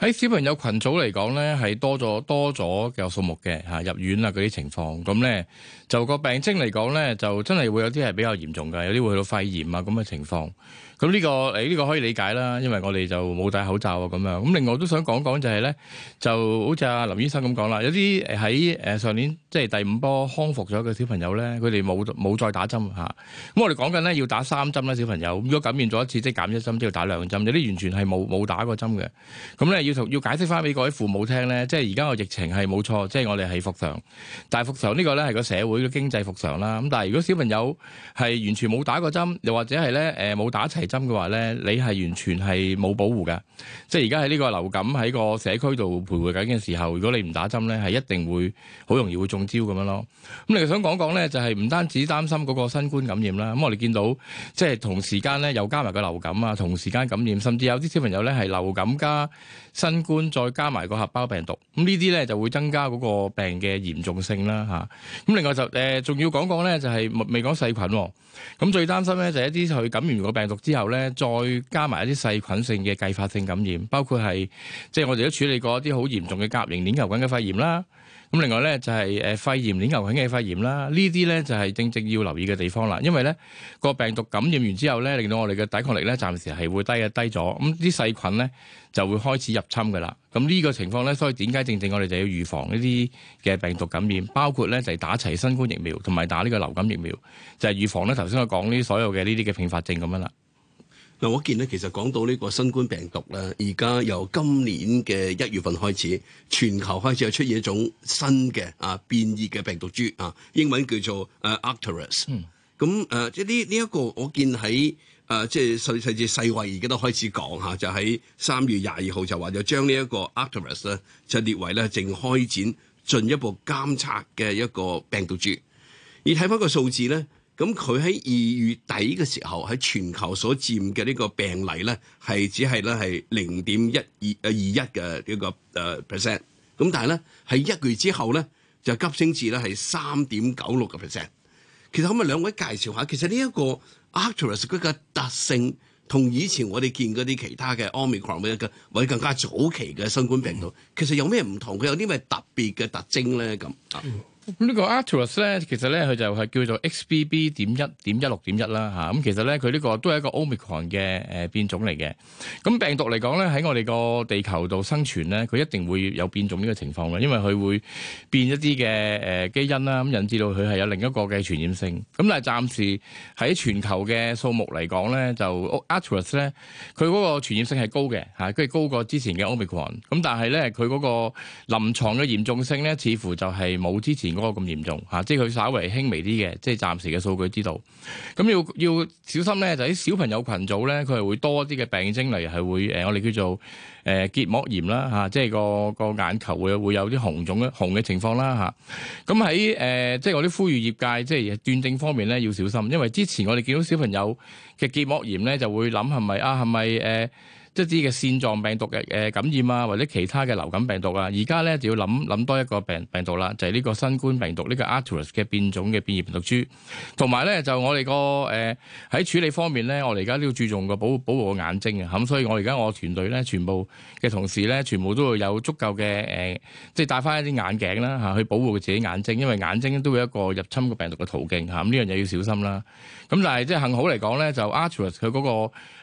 喺小朋友群組嚟講呢係多咗多咗嘅數目嘅吓入院啊嗰啲情況，咁呢，就個病徵嚟講呢就真係會有啲係比較嚴重嘅，有啲會去到肺炎啊咁嘅情況。咁呢個誒呢個可以理解啦，因為我哋就冇戴口罩啊咁樣。咁另外都想講講就係、是、咧，就好似阿林醫生咁講啦，有啲喺誒上年即係、就是、第五波康復咗嘅小朋友咧，佢哋冇冇再打針吓。咁、啊、我哋講緊咧要打三針啦。小朋友如果感染咗一次即係減一針，即要打兩針。有啲完全係冇冇打過針嘅。咁咧要同要解釋翻俾各位父母聽咧，即係而家個疫情係冇錯，即係我哋係復常，但係復常個呢個咧係個社會嘅經濟復常啦。咁但係如果小朋友係完全冇打過針，又或者係咧誒冇打齊。針嘅話咧，你係完全係冇保護嘅，即係而家喺呢個流感喺個社區度徘徊緊嘅時候，如果你唔打針咧，係一定會好容易會中招咁樣咯。咁你又想講講咧，就係唔單止擔心嗰個新冠感染啦，咁我哋見到即係同時間咧又加埋個流感啊，同時間感染，甚至有啲小朋友咧係流感加新冠再加埋個合胞病毒，咁呢啲咧就會增加嗰個病嘅嚴重性啦吓，咁另外就誒仲要講講咧，就係未講細菌喎，咁最擔心咧就係一啲佢感染完個病毒之後。後咧，再加埋一啲細菌性嘅繼發性感染，包括係即係我哋都處理過一啲好嚴重嘅甲型鏈球菌嘅肺炎啦。咁另外咧就係誒肺炎鏈球菌嘅肺炎啦。呢啲咧就係正正要留意嘅地方啦。因為咧個病毒感染完之後咧，令到我哋嘅抵抗力咧暫時係會低嘅低咗，咁啲細菌咧就會開始入侵㗎啦。咁呢個情況咧，所以點解正正我哋就要預防呢啲嘅病毒感染，包括咧就係打齊新冠疫苗同埋打呢個流感疫苗，就係預防咧頭先我講呢所有嘅呢啲嘅併發症咁樣啦。嗱，我見咧，其實講到呢個新冠病毒咧，而家由今年嘅一月份開始，全球開始出現一種新嘅啊變異嘅病毒株啊，英文叫做誒 Arcturus 咁誒、嗯呃這個呃，即係呢呢一個，我見喺誒即係細細節細話，而家都開始講嚇、啊，就喺、是、三月廿二號就話就將呢一個 Arcturus 咧，就列為咧正開展進一步監察嘅一個病毒株。而睇翻個數字咧。咁佢喺二月底嘅時候，喺全球所佔嘅呢個病例咧，係只係咧係零點一二啊二一嘅呢個誒 percent。咁但係咧，喺一月之後咧，就急升至咧係三點九六個 percent。其實可唔可以兩位介紹下？其實呢一個 Arcturus 嘅特性，同以前我哋見嗰啲其他嘅 Omicron 或者更加早期嘅新冠病毒，嗯、其實有咩唔同？佢有啲咩特別嘅特徵咧？咁啊？嗯咁呢個 Arcturus 咧，其實咧佢就係叫做 XBB. 點一點一六點一啦，吓咁其實咧佢呢個都係一個 omicron 嘅誒變種嚟嘅。咁、呃、病毒嚟講咧喺我哋個地球度生存咧，佢一定會有變種呢個情況嘅，因為佢會變一啲嘅誒基因啦，咁引致到佢係有另一個嘅傳染性。咁但係暫時喺全球嘅數目嚟講咧，就 Arcturus 咧，佢嗰個傳染性係高嘅，吓跟住高過之前嘅 omicron。咁但係咧佢嗰個臨床嘅嚴重性咧，似乎就係冇之前。唔該咁嚴重嚇，即係佢稍微輕微啲嘅，即係暫時嘅數據知道。咁要要小心咧，就啲、係、小朋友群組咧，佢係會多啲嘅病徵嚟，係會誒我哋叫做誒結、呃、膜炎啦嚇，即係個個眼球會會有啲紅腫嘅紅嘅情況啦嚇。咁喺誒即係我啲呼籲業界即係斷症方面咧要小心，因為之前我哋見到小朋友嘅結膜炎咧就會諗係咪啊係咪誒？是一啲嘅腺狀病毒嘅誒感染啊，或者其他嘅流感病毒啊，而家咧就要諗諗多一個病病毒啦，就係、是、呢個新冠病毒呢，這個 Arcturus 嘅變種嘅變異病毒株。同埋咧就我哋個誒喺處理方面咧，我哋而家都要注重個保保護個眼睛啊，咁所以我而家我團隊咧全部嘅同事咧，全部都會有足夠嘅誒即係戴翻一啲眼鏡啦吓去保護自己眼睛，因為眼睛都會有一個入侵個病毒嘅途徑，咁、啊、呢樣嘢要小心啦。咁但係即係幸好嚟講咧，就 Arcturus 佢嗰個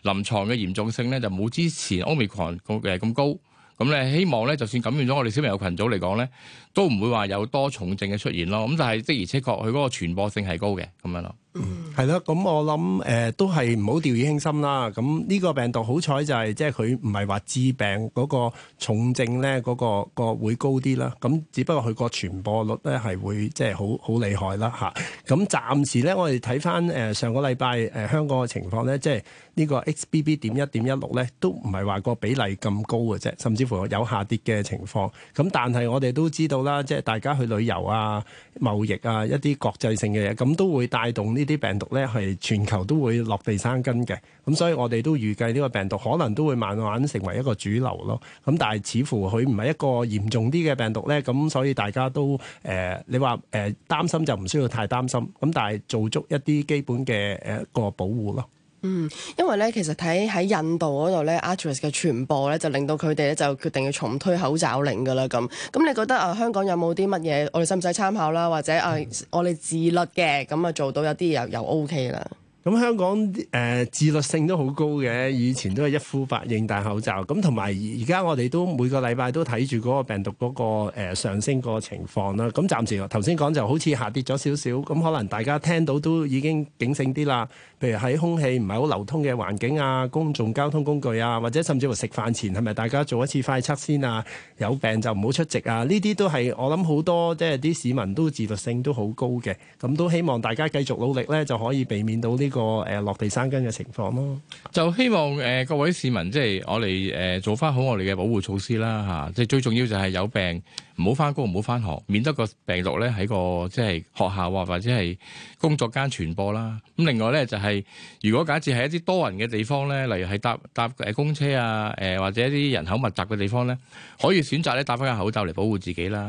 臨牀嘅嚴重性咧就冇知。之前 Omicron 咁誒咁高，咁咧希望咧，就算感染咗我哋小朋友群組嚟講咧，都唔會話有多重症嘅出現咯。咁但係的而且確，佢嗰個傳播性係高嘅，咁樣咯。嗯，係咯，咁 *noise* *noise* 我諗誒、呃、都係唔好掉以輕心啦。咁、嗯、呢、個病毒好彩就係即係佢唔係話致病嗰、個重症咧，個、個會高啲啦。咁只不過佢個傳播率咧係會即係好好厲害啦吓，咁、啊、暫時咧，我哋睇翻誒上個禮拜誒香港嘅情況咧，即係呢個 XBB 點一點一六咧都唔係話個比例咁高嘅啫，甚至乎有下跌嘅情況，咁但係我哋都知道啦，即係大家去旅遊啊、貿易啊一啲國際性嘅嘢，咁都會帶動呢。啲病毒呢，係全球都會落地生根嘅，咁所以我哋都預計呢個病毒可能都會慢慢成為一個主流咯。咁但係似乎佢唔係一個嚴重啲嘅病毒呢。咁所以大家都誒、呃，你話誒、呃、擔心就唔需要太擔心。咁但係做足一啲基本嘅一個保護咯。嗯，因為咧，其實睇喺印度嗰度咧，Adverse 嘅傳播咧，就令到佢哋咧就決定要重推口罩令噶啦咁。咁你覺得啊、呃，香港有冇啲乜嘢，我哋使唔使參考啦？或者啊、呃，我哋自律嘅咁啊，做到有啲又又 OK 啦。咁香港誒、呃、自律性都好高嘅，以前都係一呼百應戴口罩，咁同埋而家我哋都每個禮拜都睇住嗰個病毒嗰、個誒、呃、上升個情況啦。咁暫時頭先講就好似下跌咗少少，咁可能大家聽到都已經警醒啲啦。譬如喺空氣唔係好流通嘅環境啊，公眾交通工具啊，或者甚至乎食飯前係咪大家做一次快測先啊？有病就唔好出席啊！呢啲都係我諗好多，即係啲市民都自律性都好高嘅，咁都希望大家繼續努力咧，就可以避免到呢、個個誒落地生根嘅情況咯，就希望誒、呃、各位市民即係我哋誒、呃、做翻好我哋嘅保護措施啦吓、啊，即係最重要就係有病。唔好返工，唔好返學，免得個病毒咧喺個即係學校啊或者係工作間傳播啦。咁另外咧就係、是、如果假設係一啲多人嘅地方咧，例如係搭搭誒公車啊誒、呃、或者一啲人口密集嘅地方咧，可以選擇咧戴翻個口罩嚟保護自己啦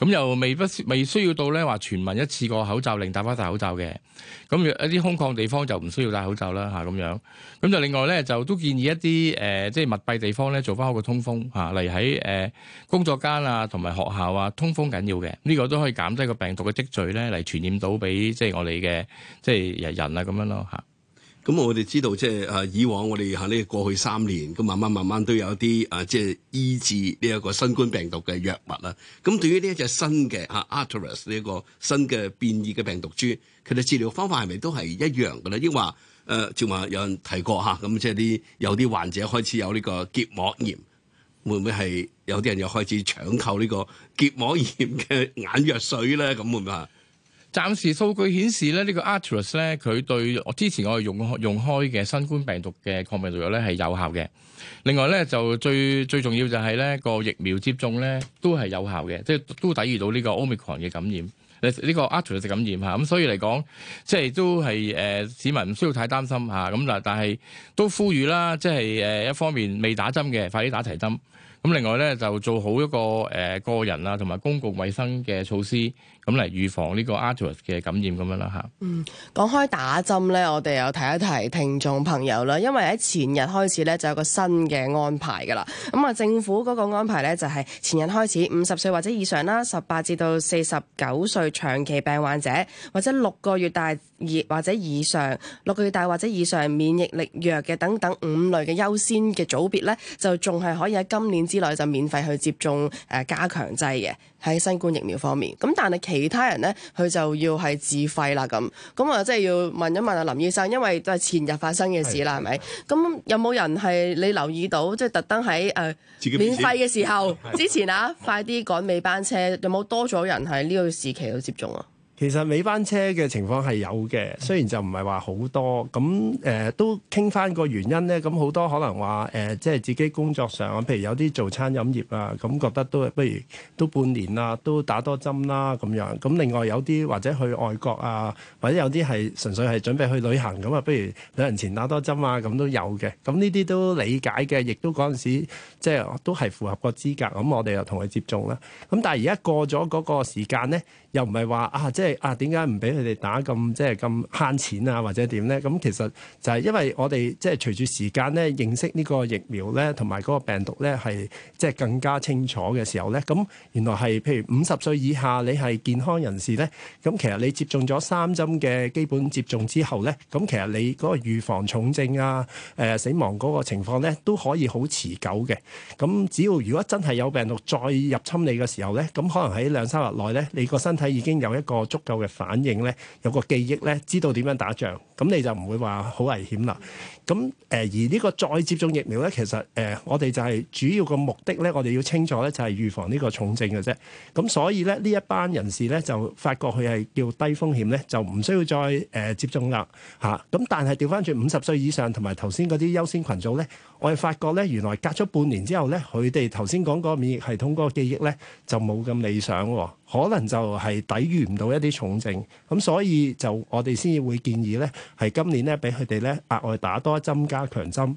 嚇。咁、啊、又未不未需要到咧話全民一次過口一個口罩令戴翻戴口罩嘅。咁一啲空曠地方就唔需要戴口罩啦嚇咁樣。咁就另外咧就都建議一啲誒、呃、即係密閉地方咧做翻好個通風嚇、啊，例如喺誒、呃、工作間啊同埋。學校啊，通風緊要嘅，呢個都可以減低個病毒嘅積聚咧，嚟傳染到俾即係我哋嘅即係人人啊咁樣咯吓。咁我哋知道即係誒，以往我哋喺呢過去三年咁，慢慢慢慢都有啲誒，即係醫治呢一個新冠病毒嘅藥物啦。咁對於呢一隻新嘅吓，Arcturus 呢一個新嘅變異嘅病毒株，佢哋治療方法係咪都係一樣嘅咧？亦話誒，仲、呃、話有人提過吓，咁即係啲有啲患者開始有呢個結膜炎。會唔會係有啲人又開始搶購呢個結膜炎嘅眼藥水咧？咁會唔會啊？暫時數據顯示咧，呢、呢個 Arcturus 咧，佢對我之前我哋用，用開用開嘅新冠病毒嘅抗病毒藥咧係有效嘅。另外咧就最最重要就係咧個疫苗接種咧都係有效嘅，即係都抵御到呢個 Omicron 嘅感染。誒呢個阿土就感染嚇，咁、啊、所以嚟講，即係都係誒、呃、市民唔需要太擔心嚇，咁、啊、嗱，但係都呼籲啦，即係誒一方面未打針嘅快啲打齊針，咁、啊、另外咧就做好一個誒、呃、個人啊同埋公共衞生嘅措施。咁嚟預防呢個 Adulus 嘅感染咁樣啦嚇。嗯，講開打針咧，我哋又提一提聽眾朋友啦，因為喺前日開始咧就有個新嘅安排㗎啦。咁、嗯、啊，政府嗰個安排咧就係、是、前日開始，五十歲或者以上啦，十八至到四十九歲長期病患者，或者六個月大以或者以上，六個月大或者以上免疫力弱嘅等等五類嘅優先嘅組別咧，就仲係可以喺今年之內就免費去接種誒加強劑嘅。喺新冠疫苗方面，咁但係其他人咧，佢就要係自費啦咁，咁啊即係要問一問阿林醫生，因為都係前日發生嘅事啦，係咪的？咁有冇人係你留意到，即係特登喺誒免費嘅時候的之前啊， *laughs* 快啲趕尾班車，有冇多咗人喺呢個時期度接種啊？其實尾班車嘅情況係有嘅，雖然就唔係話好多咁誒、呃，都傾翻個原因呢。咁好多可能話誒、呃，即係自己工作上譬如有啲做餐飲業啊，咁覺得都不如都半年啊，都打多針啦咁樣。咁另外有啲或者去外國啊，或者有啲係純粹係準備去旅行咁啊，不如旅行前打多針啊，咁都有嘅。咁呢啲都理解嘅，亦都嗰陣時即係都係符合個資格，咁我哋又同佢接種啦。咁但係而家過咗嗰個時間呢。又唔係話啊，即係啊，點解唔俾佢哋打，咁即係咁慳錢啊或者點呢？咁其實就係因為我哋即係隨住時間咧，認識呢個疫苗咧同埋嗰個病毒咧係即係更加清楚嘅時候咧，咁原來係譬如五十歲以下你係健康人士咧，咁其實你接種咗三針嘅基本接種之後咧，咁其實你嗰個預防重症啊、誒、呃、死亡嗰個情況咧都可以好持久嘅。咁只要如果真係有病毒再入侵你嘅時候咧，咁可能喺兩三日內咧，你個身體睇已經有一個足夠嘅反應咧，有個記憶咧，知道點樣打仗，咁你就唔會話好危險啦。咁誒、呃，而呢個再接種疫苗咧，其實誒、呃，我哋就係主要個目的咧，我哋要清楚咧，就係預防呢個重症嘅啫。咁所以咧，呢一班人士咧，就發覺佢係叫低風險咧，就唔需要再誒、呃、接種啦。嚇、啊！咁但係調翻轉五十歲以上同埋頭先嗰啲優先群組咧。我哋發覺咧，原來隔咗半年之後咧，佢哋頭先講個免疫系統嗰個記憶咧，就冇咁理想，可能就係抵禦唔到一啲重症，咁所以就我哋先至會建議咧，係今年咧俾佢哋咧額外打多一針加強針，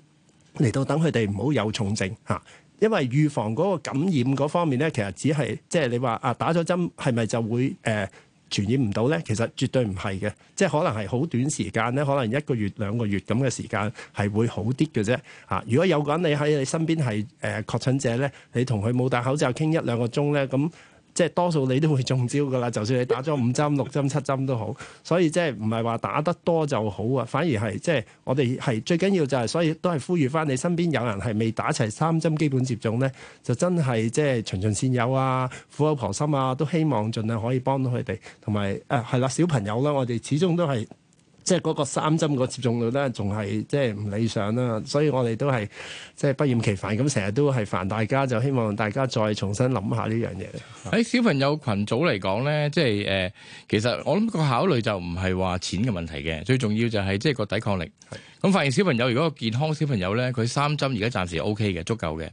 嚟到等佢哋唔好有重症嚇。因為預防嗰個感染嗰方面咧，其實只係即係你話啊，打咗針係咪就會誒？呃傳染唔到咧，其實絕對唔係嘅，即係可能係好短時間咧，可能一個月兩個月咁嘅時間係會好啲嘅啫。嚇，如果有個人你喺你身邊係誒、呃、確診者咧，你同佢冇戴口罩傾一兩個鐘咧，咁，即係多數你都會中招㗎啦，就算你打咗五針六針七針都好，所以即係唔係話打得多就好啊？反而係即係我哋係最緊要就係、是，所以都係呼籲翻你身邊有人係未打齊三針基本接種咧，就真係即係循循善誘啊、苦口婆心啊，都希望盡量可以幫到佢哋，同埋誒係啦小朋友啦，我哋始終都係。即係嗰個三針嗰個接種率咧，仲係即係唔理想啦，所以我哋都係即係不厭其煩咁，成日都係煩大家，就希望大家再重新諗下呢樣嘢。喺小朋友群組嚟講咧，即係誒、呃，其實我諗個考慮就唔係話錢嘅問題嘅，最重要就係即係個抵抗力。咁發現小朋友如果個健康小朋友咧，佢三針而家暫時 OK 嘅，足夠嘅。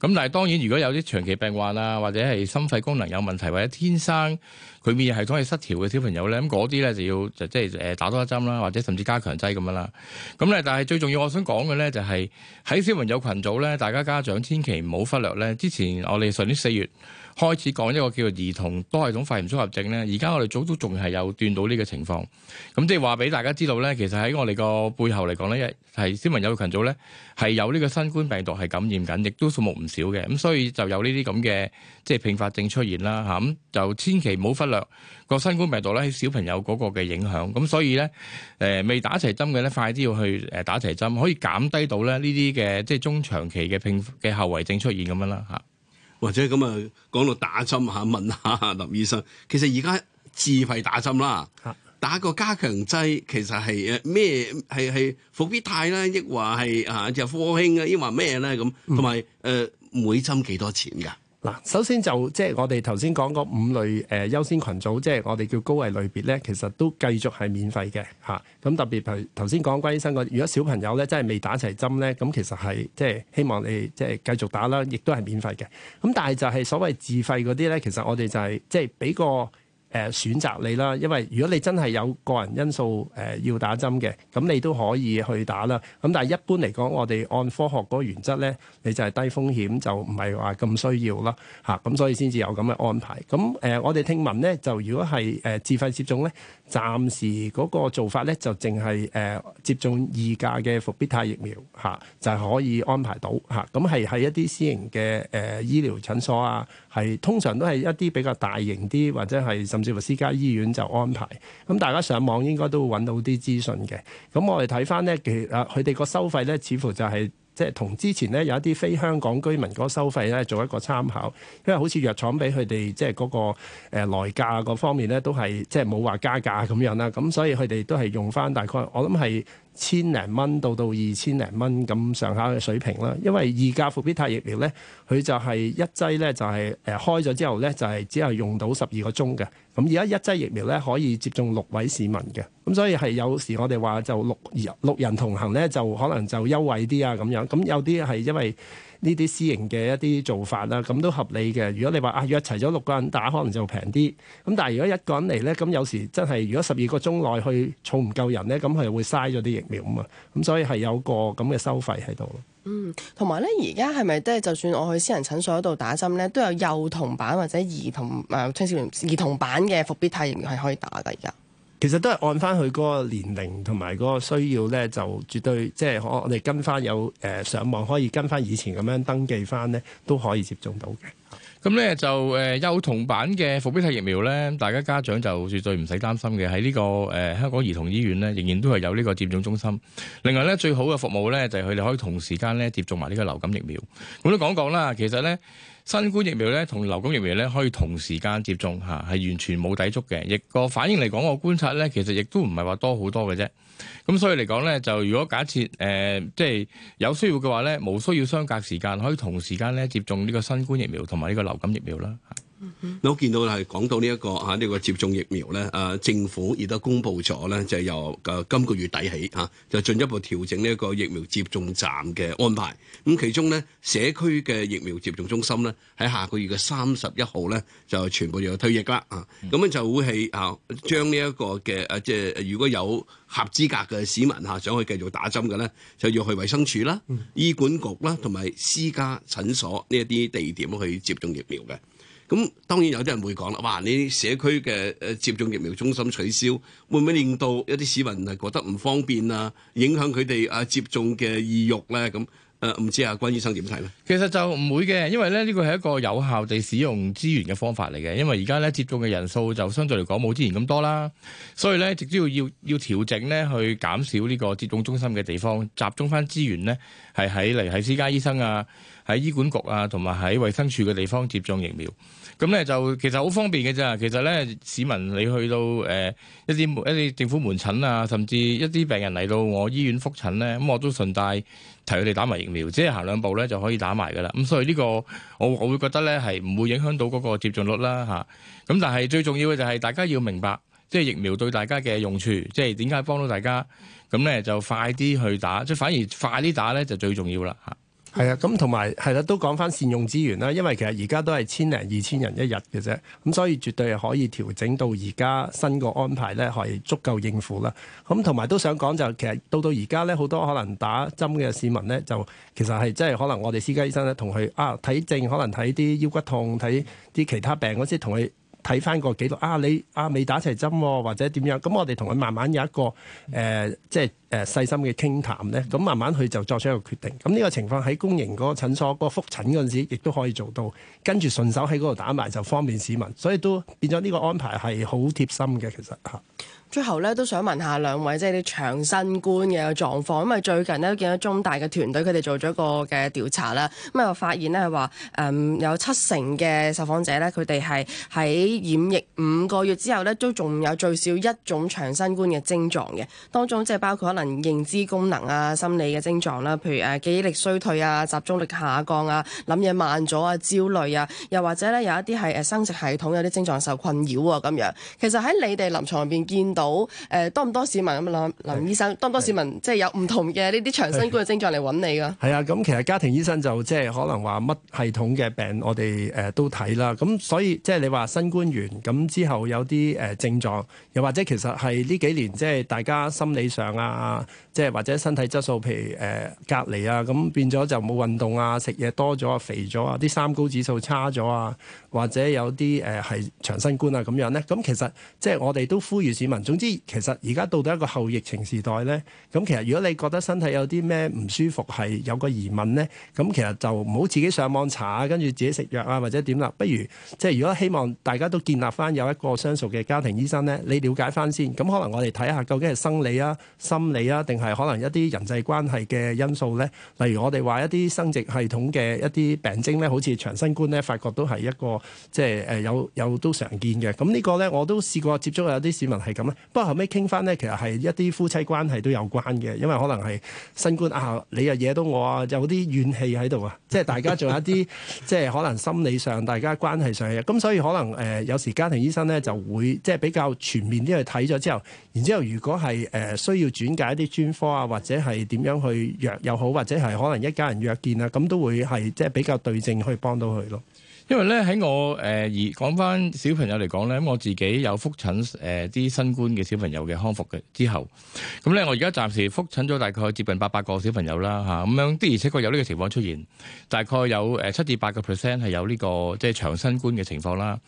咁但係當然如果有啲長期病患啊，或者係心肺功能有問題或者天生。佢免疫系統係失調嘅小朋友咧，咁嗰啲咧就要就即係誒打多一針啦，或者甚至加強劑咁樣啦。咁咧，但係最重要我想講嘅咧，就係喺小朋友群組咧，大家家長千祈唔好忽略咧。之前我哋上年四月，開始講一個叫做兒童多系統肺炎綜合症咧，而家我哋早都仲係有斷到呢個情況。咁即係話俾大家知道咧，其實喺我哋個背後嚟講咧，係小朋友嘅群組咧係有呢個新冠病毒係感染緊，亦都數目唔少嘅。咁所以就有呢啲咁嘅即係併發症出現啦。咁就千祈唔好忽略個新冠病毒咧喺小朋友嗰個嘅影響。咁所以咧誒未打齊針嘅咧，快啲要去誒打齊針，可以減低到咧呢啲嘅即係中長期嘅併嘅後遺症出現咁樣啦嚇。或者咁啊，講到打針嚇，問下林醫生。其實而家自費打針啦，打個加強劑其實係誒咩係係復必泰啦，抑或係嚇就係科興啊，抑或咩咧咁，同埋誒每針幾多錢㗎？嗱，首先就即係我哋頭先講嗰五類誒優先群組，即係我哋叫高危類別咧，其實都繼續係免費嘅嚇。咁特別譬如頭先講關醫生嗰，如果小朋友咧真係未打齊針咧，咁其實係即係希望你即係繼續打啦，亦都係免費嘅。咁但係就係所謂自費嗰啲咧，其實我哋就係即係俾個。誒選擇你啦，因為如果你真係有個人因素誒要打針嘅，咁你都可以去打啦。咁但係一般嚟講，我哋按科學嗰個原則咧，你就係低風險就唔係話咁需要啦，嚇，咁所以先至有咁嘅安排。咁誒，我哋聽聞咧，就如果係誒自費接種咧，暫時嗰個做法咧就淨係誒接種二價嘅復必泰疫苗嚇，就係可以安排到嚇。咁係喺一啲私營嘅誒醫療診所啊，係通常都係一啲比較大型啲或者係甚至。似乎私家醫院就安排，咁大家上網應該都會揾到啲資訊嘅。咁我哋睇翻咧，其實佢哋個收費咧，似乎就係即係同之前咧有一啲非香港居民嗰個收費咧做一個參考，因為好似藥廠俾佢哋即係嗰個誒來價嗰方面咧，都係即係冇話加價咁樣啦。咁所以佢哋都係用翻大概，我諗係千零蚊到到二千零蚊咁上下嘅水平啦，因為二價復必泰疫苗咧，佢就係一劑咧就係、是、誒開咗之後咧就係只係用到十二個鐘嘅。咁而家一劑疫苗咧可以接種六位市民嘅，咁所以係有時我哋話就六六人同行咧就可能就優惠啲啊咁樣，咁有啲係因為。呢啲私營嘅一啲做法啦，咁都合理嘅。如果你話啊約齊咗六個人打，可能就平啲。咁但係如果一個人嚟咧，咁有時真係如果十二個鐘內去湊唔夠人咧，咁係會嘥咗啲疫苗啊嘛。咁所以係有個咁嘅收費喺度。嗯，同埋咧，而家係咪即係就算我去私人診所嗰度打針咧，都有幼童版或者兒童誒、啊、青少年兒童版嘅復必泰疫苗係可以打㗎而家。其實都係按翻佢嗰個年齡同埋嗰個需要咧，就絕對即係我我哋跟翻有誒、呃、上網可以跟翻以前咁樣登記翻咧，都可以接種到嘅。咁咧就誒幼童版嘅復必泰疫苗咧，大家家長就絕對唔使擔心嘅。喺呢、這個誒、呃、香港兒童醫院咧，仍然都係有呢個接種中心。另外咧，最好嘅服務咧就係佢哋可以同時間咧接種埋呢個流感疫苗。我都講過啦，其實咧新冠疫苗咧同流感疫苗咧可以同時間接種嚇，係完全冇抵觸嘅。疫個反應嚟講，我觀察咧，其實亦都唔係話多好多嘅啫。咁所以嚟講咧，就如果假設誒、呃，即係有需要嘅話咧，冇需要相隔時間，可以同時間咧接種呢個新冠疫苗同埋呢個流感疫苗啦。嗯、我見到係講到呢一個吓呢、這個接種疫苗咧，誒、啊，政府亦都公布咗咧，就是、由誒今個月底起吓、啊，就進一步調整呢一個疫苗接種站嘅安排。咁、啊、其中咧，社區嘅疫苗接種中心咧喺下個月嘅三十一號咧就全部要退役啦。啊，咁樣、嗯、就會係、這個、啊，將呢一個嘅誒，即係如果有合資格嘅市民吓、啊，想去繼續打針嘅咧，就要去衛生署啦、啊、醫管局啦，同、啊、埋私家診所呢一啲地點去接種疫苗嘅。咁當然有啲人會講啦，哇！你社區嘅誒接種疫苗中心取消，會唔會令到一啲市民係覺得唔方便啊？影響佢哋啊接種嘅意欲咧？咁誒唔知阿關醫生點睇咧？其實就唔會嘅，因為咧呢個係一個有效地使用資源嘅方法嚟嘅。因為而家咧接種嘅人數就相對嚟講冇之前咁多啦，所以咧直都要要，要調整咧去減少呢個接種中心嘅地方，集中翻資源咧係喺嚟喺私家醫生啊，喺醫管局啊，同埋喺衛生署嘅地方接種疫苗，咁、嗯、呢就其實好方便嘅啫。其實呢，市民你去到誒、呃、一啲一啲政府門診啊，甚至一啲病人嚟到我醫院覆診呢，咁、嗯、我都順帶提佢哋打埋疫苗，即係行兩步呢就可以打埋噶啦。咁、嗯、所以呢、這個我我會覺得呢係唔會影響到嗰個接種率啦嚇。咁、啊、但係最重要嘅就係大家要明白，即係疫苗對大家嘅用處，即係點解幫到大家。咁、嗯、呢、嗯、就快啲去打，即係反而快啲打呢就最重要啦嚇。啊係啊，咁同埋係啦，都講翻善用資源啦，因為其實而家都係千零二千人一日嘅啫，咁所以絕對係可以調整到而家新個安排咧係足夠應付啦。咁同埋都想講就係、其實到到而家咧，好多可能打針嘅市民咧，就其實係即係可能我哋私家醫生咧同佢啊睇症，可能睇啲腰骨痛、睇啲其他病嗰啲，同佢睇翻個記錄啊，你啊未打齊針、啊、或者點樣？咁我哋同佢慢慢有一個誒、呃、即係。誒細心嘅傾談呢，咁慢慢佢就作出一個決定。咁呢個情況喺公營嗰個診所嗰、嗰個覆診嗰陣時，亦都可以做到。跟住順手喺嗰度打埋，就方便市民。所以都變咗呢個安排係好貼心嘅，其實嚇。最後呢，都想問下兩位，即係啲長新冠嘅狀況。咁啊最近呢，見到中大嘅團隊佢哋做咗一個嘅調查啦，咁、嗯、啊發現呢，係話誒有七成嘅受訪者呢，佢哋係喺染疫五個月之後呢，都仲有最少一種長新冠嘅症狀嘅。當中即係包括。能認知功能啊、心理嘅症狀啦，譬如誒記憶力衰退啊、集中力下降啊、諗嘢慢咗啊、焦慮啊，又或者咧有一啲係誒生殖系統有啲症狀受困擾啊咁樣。其實喺你哋臨床入邊見到誒、呃、多唔多市民咁啊，林醫生是多唔多市民是即係有唔同嘅呢啲長新冠嘅症狀嚟揾你噶？係啊，咁其實家庭醫生就即係可能話乜系統嘅病我哋誒都睇啦。咁所以即係你話新冠完咁之後有啲誒症狀，又或者其實係呢幾年即係大家心理上啊～啊，即係或者身體質素，譬如誒、呃、隔離啊，咁變咗就冇運動啊，食嘢多咗啊，肥咗啊，啲三高指數差咗啊，或者有啲誒係長新冠啊咁樣咧，咁其實即係我哋都呼籲市民，總之其實而家到底一個後疫情時代咧，咁其實如果你覺得身體有啲咩唔舒服，係有個疑問咧，咁其實就唔好自己上網查啊，跟住自己食藥啊，或者點啦，不如即係如果希望大家都建立翻有一個相熟嘅家庭醫生咧，你了解翻先，咁可能我哋睇下究竟係生理啊、心理。啊？定係可能一啲人際關係嘅因素咧？例如我哋話一啲生殖系統嘅一啲病徵咧，好似長新冠咧，發覺都係一個即係誒有有都常見嘅。咁呢個咧我都試過接觸有啲市民係咁啦。不過後尾傾翻咧，其實係一啲夫妻關係都有關嘅，因為可能係新冠啊，你又惹到我啊，有啲怨氣喺度啊，即係大家仲有一啲 *laughs* 即係可能心理上大家關係上嘅。咁所以可能誒有時家庭醫生咧就會即係比較全面啲去睇咗之後，然之後如果係誒需要轉介。一啲專科啊，或者係點樣去約又好，或者係可能一家人約見啊，咁都會係即係比較對症，可以幫到佢咯。因為咧喺我誒而、呃、講翻小朋友嚟講咧，我自己有複診誒啲、呃、新冠嘅小朋友嘅康復嘅之後，咁、嗯、咧我而家暫時複診咗大概接近八百個小朋友啦吓，咁樣的而且確有呢個情況出現，大概有誒七至八個 percent 係有呢個即係長新冠嘅情況啦。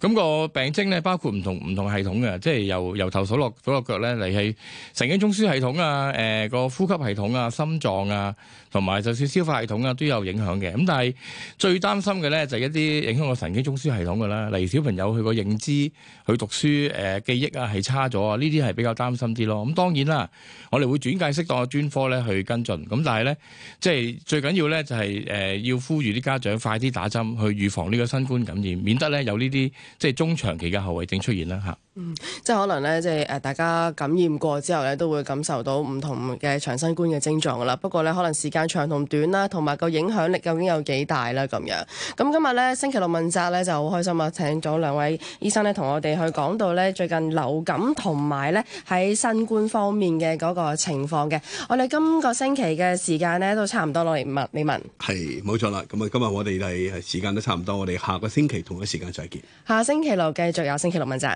咁、啊那個病徵咧包括唔同唔同系統嘅，即係由由頭數落數落腳咧嚟係神經中樞系統啊、誒、呃、個呼吸系統啊、心臟啊，同埋就算消化系統啊都有影響嘅。咁但係最擔心嘅咧就係、是、一啲。影響個神經中樞系統噶啦，例如小朋友佢個認知、佢讀書、誒、呃、記憶啊係差咗啊，呢啲係比較擔心啲咯。咁當然啦，我哋會轉介適當嘅專科咧去跟進。咁但係咧，即係最緊要咧就係誒要呼籲啲家長快啲打針去預防呢個新冠感染，免得咧有呢啲即係中長期嘅後遺症出現啦吓。嗯，即係可能咧，即係誒，大家感染過之後咧，都會感受到唔同嘅長新冠嘅症狀噶啦。不過咧，可能時間長同短啦，同埋個影響力究竟有幾大啦？咁樣，咁今日咧星期六問責咧就好開心啊！請咗兩位醫生咧同我哋去講到咧最近流感同埋咧喺新冠方面嘅嗰個情況嘅。我哋今個星期嘅時間呢都差唔多，攞嚟問你問。係，冇錯啦。咁啊，今日我哋係時間都差唔多，我哋下個星期同一時間再見。下星期六繼續有星期六問責。